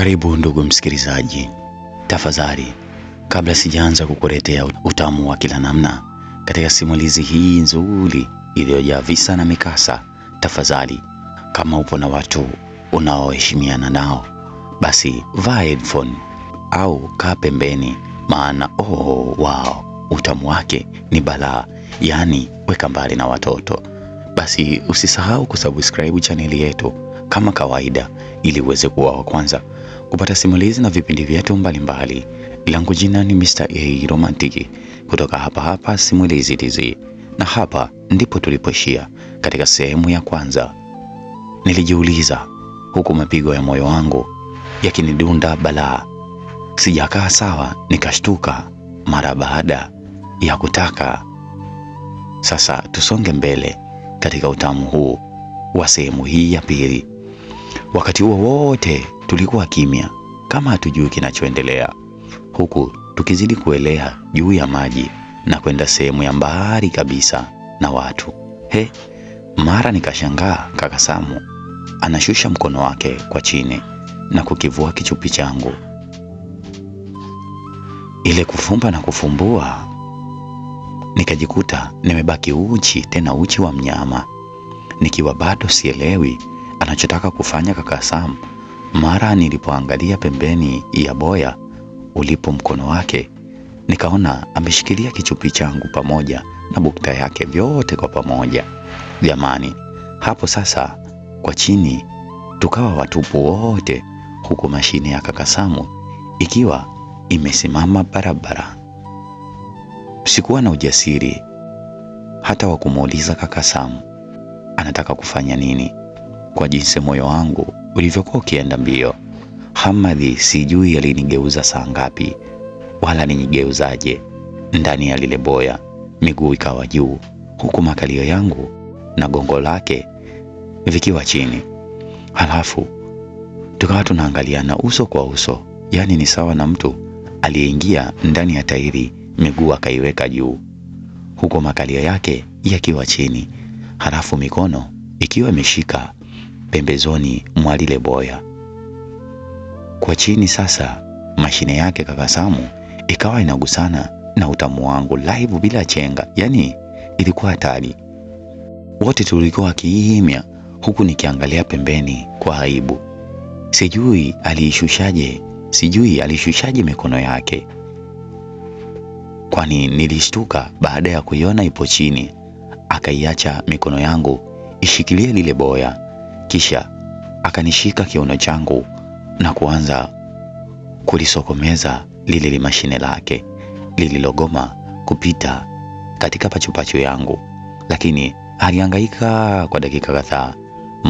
Karibu ndugu msikilizaji, tafadhali, kabla sijaanza kukuletea utamu wa kila namna katika simulizi hii nzuri iliyojaa visa na mikasa, tafadhali, kama upo na watu unaoheshimiana nao, basi vaa headphone au kaa pembeni, maana oh, wao utamu wake ni balaa. Yaani weka mbali na watoto. Basi usisahau kusubscribe chaneli yetu kama kawaida, ili uweze kuwa wa kwanza kupata simulizi na vipindi vyetu mbalimbali. Langu jina ni Mr. A Romantiki kutoka hapa hapa Simulizi Tz, na hapa ndipo tulipoishia katika sehemu ya kwanza. Nilijiuliza huku mapigo ya moyo wangu yakinidunda balaa, sijakaa sawa, nikashtuka mara baada ya kutaka. Sasa tusonge mbele katika utamu huu wa sehemu hii ya pili Wakati huo wote tulikuwa kimya kama hatujui kinachoendelea, huku tukizidi kuelea juu ya maji na kwenda sehemu ya mbali kabisa na watu. He, mara nikashangaa kaka Samu anashusha mkono wake kwa chini na kukivua kichupi changu. Ile kufumba na kufumbua, nikajikuta nimebaki uchi, tena uchi wa mnyama, nikiwa bado sielewi anachotaka kufanya kaka Sam. Mara nilipoangalia pembeni ya boya ulipo mkono wake, nikaona ameshikilia kichupi changu pamoja na bukta yake, vyote kwa pamoja. Jamani, hapo sasa kwa chini tukawa watupu wote, huku mashine ya kaka Samu ikiwa imesimama barabara. Sikuwa na ujasiri hata wa kumuuliza kaka Samu anataka kufanya nini kwa jinsi moyo wangu ulivyokuwa ukienda mbio. Hamadhi sijui alinigeuza saa ngapi, wala ninigeuzaje ndani ya lile boya. Miguu ikawa juu, huku makalio yangu na gongo lake vikiwa chini, halafu tukawa tunaangaliana uso kwa uso, yaani ni sawa na mtu aliyeingia ndani ya tairi, miguu akaiweka juu, huku makalio yake yakiwa chini, halafu mikono ikiwa imeshika pembezoni mwa lile boya. Kwa chini sasa mashine yake kaka Samu ikawa inagusana na utamu wangu live bila chenga, yaani ilikuwa hatari. Wote tulikuwa kimya, huku nikiangalia pembeni kwa aibu. Sijui aliishushaje, sijui alishushaje mikono yake, kwani nilishtuka baada ya kuiona ipo chini. Akaiacha mikono yangu ishikilie lile boya kisha akanishika kiuno changu na kuanza kulisokomeza lile limashine lake lililogoma kupita katika pachupachu yangu, lakini alihangaika kwa dakika kadhaa.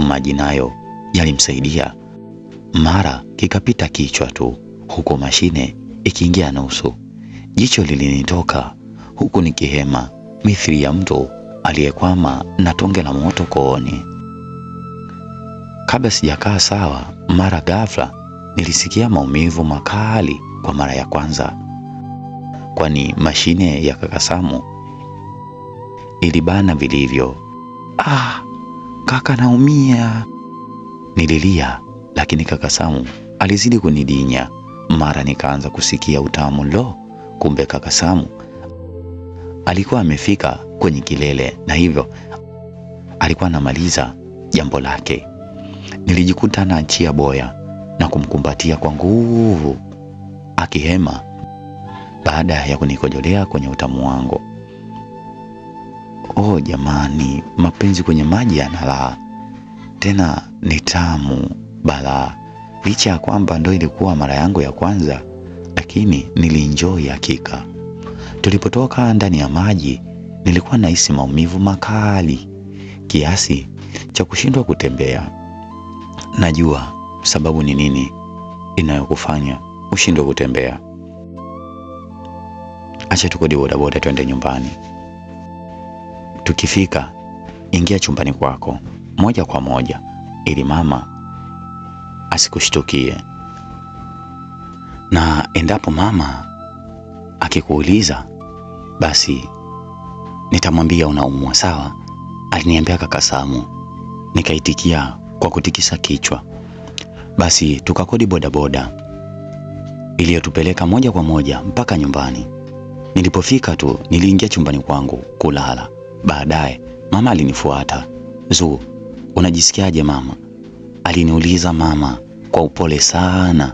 Maji nayo yalimsaidia, mara kikapita kichwa tu, huku mashine ikiingia nusu. Jicho lilinitoka huku nikihema mithili ya mtu aliyekwama na tonge la moto kooni. Kabla sijakaa sawa, mara ghafla nilisikia maumivu makali kwa mara ya kwanza, kwani mashine ya kaka Samu ilibana vilivyo. Ah, kaka naumia, nililia, lakini kaka Samu alizidi kunidinya. Mara nikaanza kusikia utamu. Lo, kumbe kaka Samu alikuwa amefika kwenye kilele, na hivyo alikuwa anamaliza jambo lake. Nilijikuta na achia boya na kumkumbatia kwa nguvu akihema, baada ya kunikojolea kwenye utamu wangu. Oh jamani, mapenzi kwenye maji yana raha, tena ni tamu balaa. Licha ya kwamba ndo ilikuwa mara yangu ya kwanza, lakini nilinjoi hakika. Tulipotoka ndani ya maji, nilikuwa nahisi maumivu makali kiasi cha kushindwa kutembea. Najua sababu ni nini inayokufanya ushindwe kutembea. Acha tukodi bodaboda twende nyumbani. Tukifika ingia chumbani kwako moja kwa moja, ili mama asikushtukie, na endapo mama akikuuliza, basi nitamwambia unaumwa. Sawa, aliniambia kaka Samu, nikaitikia kwa kutikisa kichwa. Basi tukakodi bodaboda iliyotupeleka moja kwa moja mpaka nyumbani. Nilipofika tu niliingia chumbani kwangu kulala. Baadaye mama alinifuata. Zu, unajisikiaje mama? Aliniuliza mama kwa upole sana.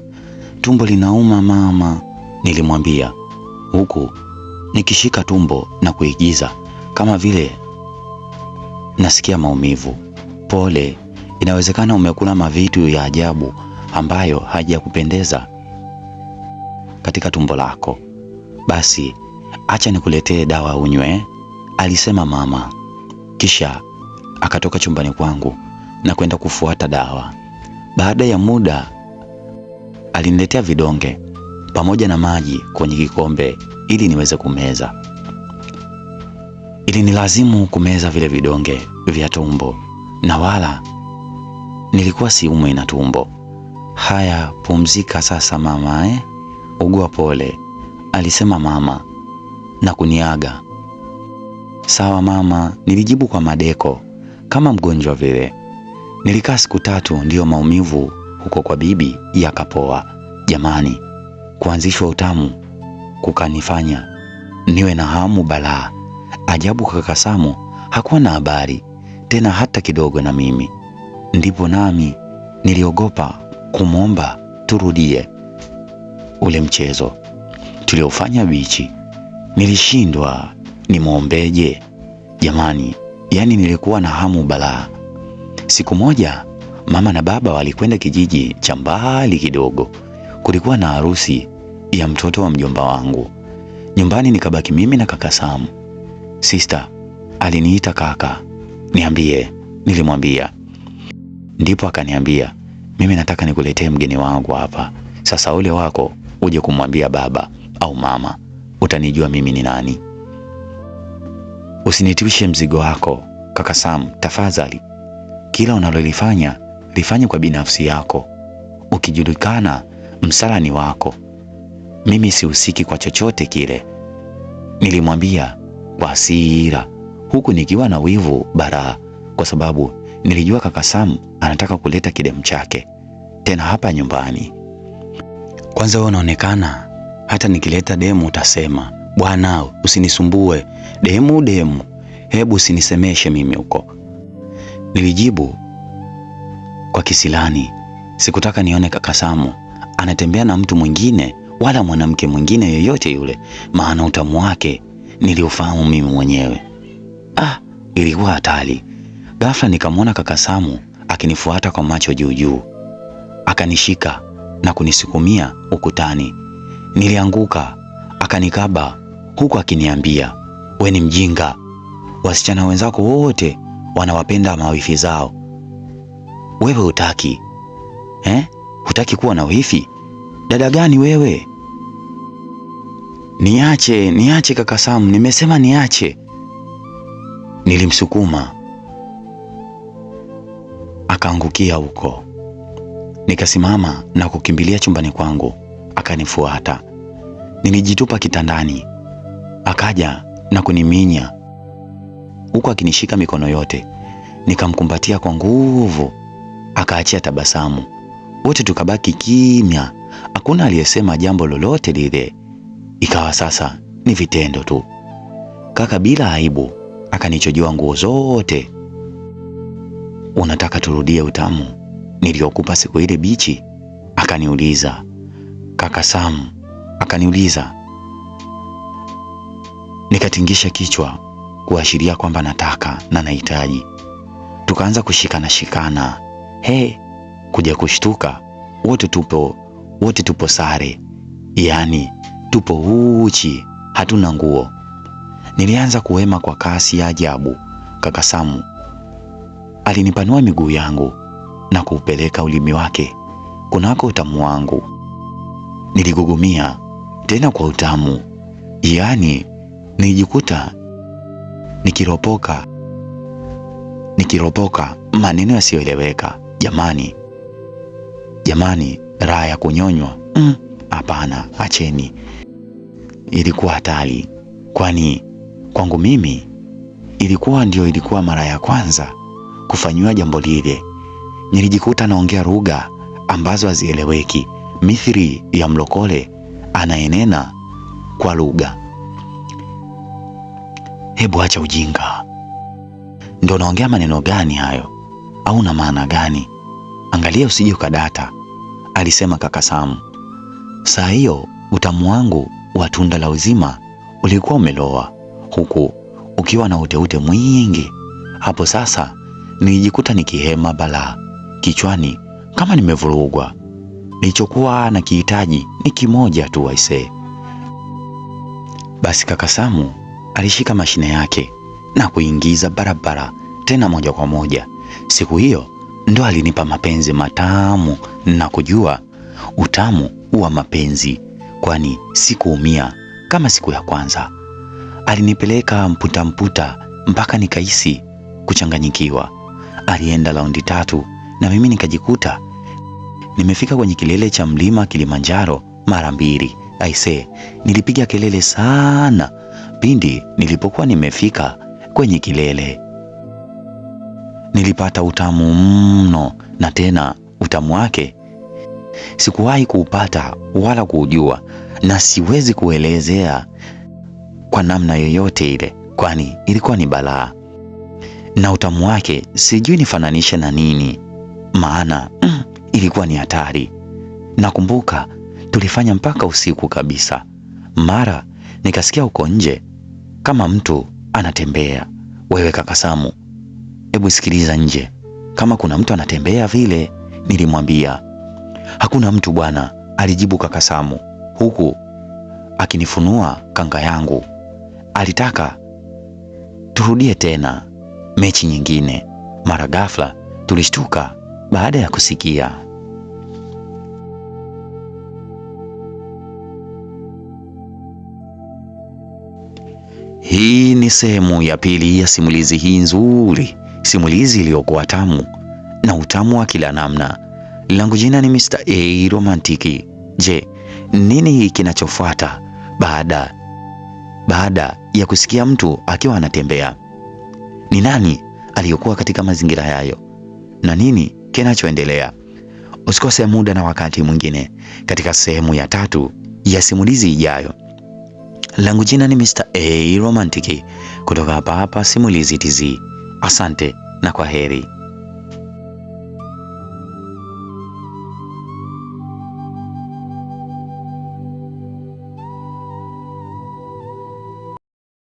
Tumbo linauma mama, nilimwambia huku nikishika tumbo na kuigiza kama vile nasikia maumivu. Pole Inawezekana umekula mavitu ya ajabu ambayo hajakupendeza katika tumbo lako. Basi acha nikuletee dawa unywe, alisema mama, kisha akatoka chumbani kwangu na kwenda kufuata dawa. Baada ya muda aliniletea vidonge pamoja na maji kwenye kikombe ili niweze kumeza. Ilinilazimu kumeza vile vidonge vya tumbo na wala nilikuwa siumwe na tumbo. Haya, pumzika sasa mama, eh? Ugua pole, alisema mama na kuniaga. Sawa mama, nilijibu kwa madeko kama mgonjwa vile. Nilikaa siku tatu, ndiyo maumivu huko kwa bibi yakapoa. Jamani, kuanzishwa utamu kukanifanya niwe na hamu balaa. Ajabu kaka Samu hakuwa na habari tena hata kidogo na mimi ndipo nami niliogopa kumwomba turudie ule mchezo tuliofanya bichi. Nilishindwa nimwombeje jamani, yaani nilikuwa na hamu balaa. Siku moja mama na baba walikwenda kijiji cha mbali kidogo, kulikuwa na harusi ya mtoto wa mjomba wangu. Nyumbani nikabaki mimi na kaka Sam. Sister aliniita kaka, niambie. Nilimwambia Ndipo akaniambia mimi nataka nikuletee mgeni wangu hapa sasa, ule wako uje kumwambia baba au mama, utanijua mimi ni nani. Usinitishe mzigo wako kaka Sam, tafadhali. Kila unalolifanya lifanye kwa binafsi yako, ukijulikana msala ni wako, mimi sihusiki kwa chochote kile, nilimwambia kwa hasira, huku nikiwa na wivu baraa, kwa sababu Nilijua kaka Sam anataka kuleta kidemu chake tena hapa nyumbani. Kwanza wewe unaonekana, hata nikileta demu utasema bwana, usinisumbue demu demu, hebu usinisemeshe mimi huko. Nilijibu kwa kisilani, sikutaka nione kaka Samu anatembea na mtu mwingine wala mwanamke mwingine yoyote yule, maana utamu wake niliufahamu mimi mwenyewe. Ah, ilikuwa hatari. Ghafla nikamwona kaka Samu akinifuata kwa macho juu juu, akanishika na kunisukumia ukutani. Nilianguka, akanikaba huku akiniambia, we ni mjinga, wasichana wenzako wote wanawapenda mawifi zao, wewe hutaki eh? Hutaki kuwa na wifi? Dada gani wewe? Niache, niache kaka Samu, nimesema niache. Nilimsukuma akaangukia huko. Nikasimama na kukimbilia chumbani kwangu, akanifuata. Nilijitupa kitandani, akaja na kuniminya huku akinishika mikono yote. Nikamkumbatia kwa nguvu, akaachia tabasamu. Wote tukabaki kimya, hakuna aliyesema jambo lolote lile. Ikawa sasa ni vitendo tu. Kaka bila aibu akanichojua nguo zote unataka turudie utamu niliyokupa siku ile bichi? Akaniuliza kaka Sam, akaniuliza nikatingisha kichwa kuashiria kwamba nataka na nahitaji. Tukaanza kushikana shikana, he, kuja kushtuka wote tupo wote tupo sare, yaani tupo uchi, hatuna nguo. Nilianza kuhema kwa kasi ya ajabu. Kaka Samu Alinipanua miguu yangu na kuupeleka ulimi wake kunako utamu wangu. Niligugumia tena kwa utamu, yaani nilijikuta nikiropoka nikiropoka maneno yasiyoeleweka. Jamani, jamani, raha ya kunyonywa? Mm, hapana, mm, acheni. Ilikuwa hatari, kwani kwangu mimi ilikuwa ndio ilikuwa mara ya kwanza kufanyiwa jambo lile. Nilijikuta naongea lugha ambazo hazieleweki mithili ya mlokole anayenena kwa lugha. Hebu acha ujinga, ndo naongea maneno gani hayo au na maana gani? Angalia usije ukadata, alisema kaka Samu. Saa hiyo utamu wangu wa tunda la uzima ulikuwa umeloa, huku ukiwa na uteute mwingi. Hapo sasa nilijikuta nikihema balaa kichwani kama nimevurugwa. Nilichokuwa na kihitaji ni kimoja tu waise Basi kaka Samu alishika mashine yake na kuingiza barabara tena moja kwa moja. Siku hiyo ndo alinipa mapenzi matamu na kujua utamu wa mapenzi, kwani sikuumia kama siku ya kwanza. Alinipeleka mputa mputa mpaka nikahisi kuchanganyikiwa, alienda raundi tatu na mimi nikajikuta nimefika kwenye kilele cha mlima Kilimanjaro mara mbili. Aise, nilipiga kelele sana pindi nilipokuwa nimefika kwenye kilele. Nilipata utamu mno, na tena utamu wake sikuwahi kuupata wala kuujua, na siwezi kuelezea kwa namna yoyote ile, kwani ilikuwa ni balaa na utamu wake sijui nifananishe na nini, maana mm, ilikuwa ni hatari. Nakumbuka tulifanya mpaka usiku kabisa. Mara nikasikia uko nje kama mtu anatembea. Wewe kaka Samu, hebu sikiliza nje kama kuna mtu anatembea vile, nilimwambia. Hakuna mtu bwana, alijibu kaka Samu huku akinifunua kanga yangu. Alitaka turudie tena mechi nyingine. Mara ghafla tulishtuka baada ya kusikia Hii ni sehemu ya pili ya simulizi hii nzuri, simulizi iliyokuwa tamu na utamu wa kila namna. Langu jina ni Mr. A Romantiki. Je, nini kinachofuata baada baada ya kusikia mtu akiwa anatembea? Ni nani aliyokuwa katika mazingira hayo na nini kinachoendelea? Usikose muda na wakati mwingine katika sehemu ya tatu ya simulizi ijayo. Langu jina ni Mr. A Romantic kutoka hapa hapa Simulizi Tz. Asante na kwa heri.